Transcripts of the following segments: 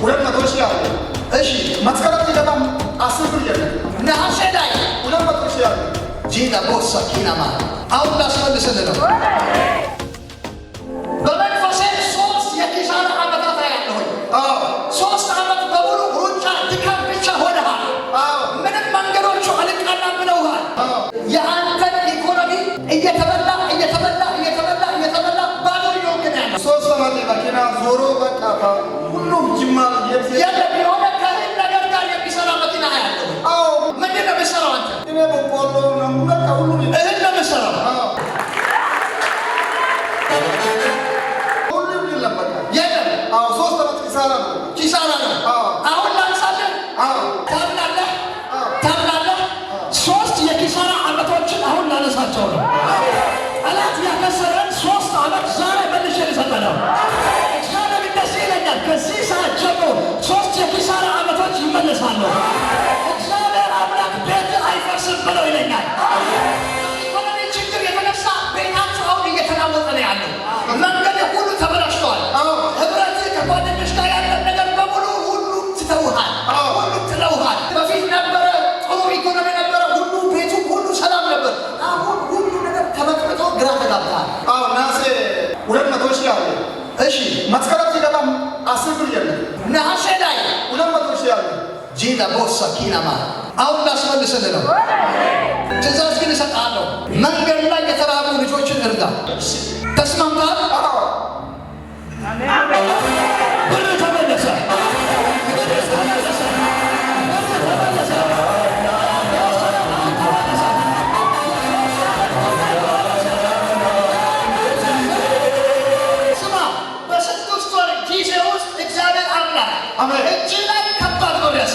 우리나라러시아고에시마츠카라그러니까아스르리아나세다이우리나라러시아고진다보사키나마아웃라스만되세요 ሶስት ዓመት ኪሳራ ነው። ኪሳራ ነው። አሁን ላንሳለን። ታምናለህ፣ ታምናለህ። ሶስት የኪሳራ ዓመቶችን አሁን ላነሳቸው ነው። ጠላት ያከሰረን ሶስት ዓመት ዛሬ መልሼ ሊሰጠ እግዚአብሔር እንደዚህ ይለኛል፣ ከዚህ ሰዓት ጀምሮ ሶስት የኪሳራ ዓመቶች ይመለሳሉ። እግዚአብሔር አምላክ ቤት አይፈርስም ብለው ይለኛል። እሺ መስከረም ሲገባ አስር ብር ጀምር። ነሐሴ ላይ ሁለት መቶ ሺህ ያሉ ጂዳ ቦሳ ኪናማ አሁን ላስመልስል ነው። ትእዛዝ ግን እሰጣለሁ። መንገድ ላይ የተራቡ ልጆችን እርዳ። ተስማምታል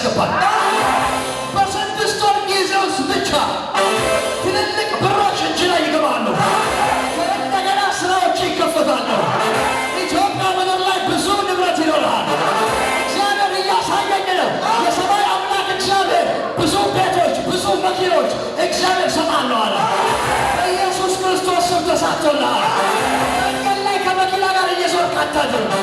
ያስገባል። በስድስት ወር ጊዜ ውስጥ ብቻ ትልልቅ ብሮች እጅ ላይ ይገባሉ። እንደገና ስራዎች ይከፈታሉ። ኢትዮጵያ ምድር ላይ ብዙ ንብረት ይኖራል እግዚአብሔር እያሳየኝ ነው። የሰማይ አምላክ እግዚአብሔር ብዙ ቤቶች፣ ብዙ መኪኖች እግዚአብሔር ሰጣለሁ አለ። በኢየሱስ ክርስቶስ ስም ተሳክቶልሃል። መንገድ ላይ ከመኪና ጋር እየዞርክ አታድርም።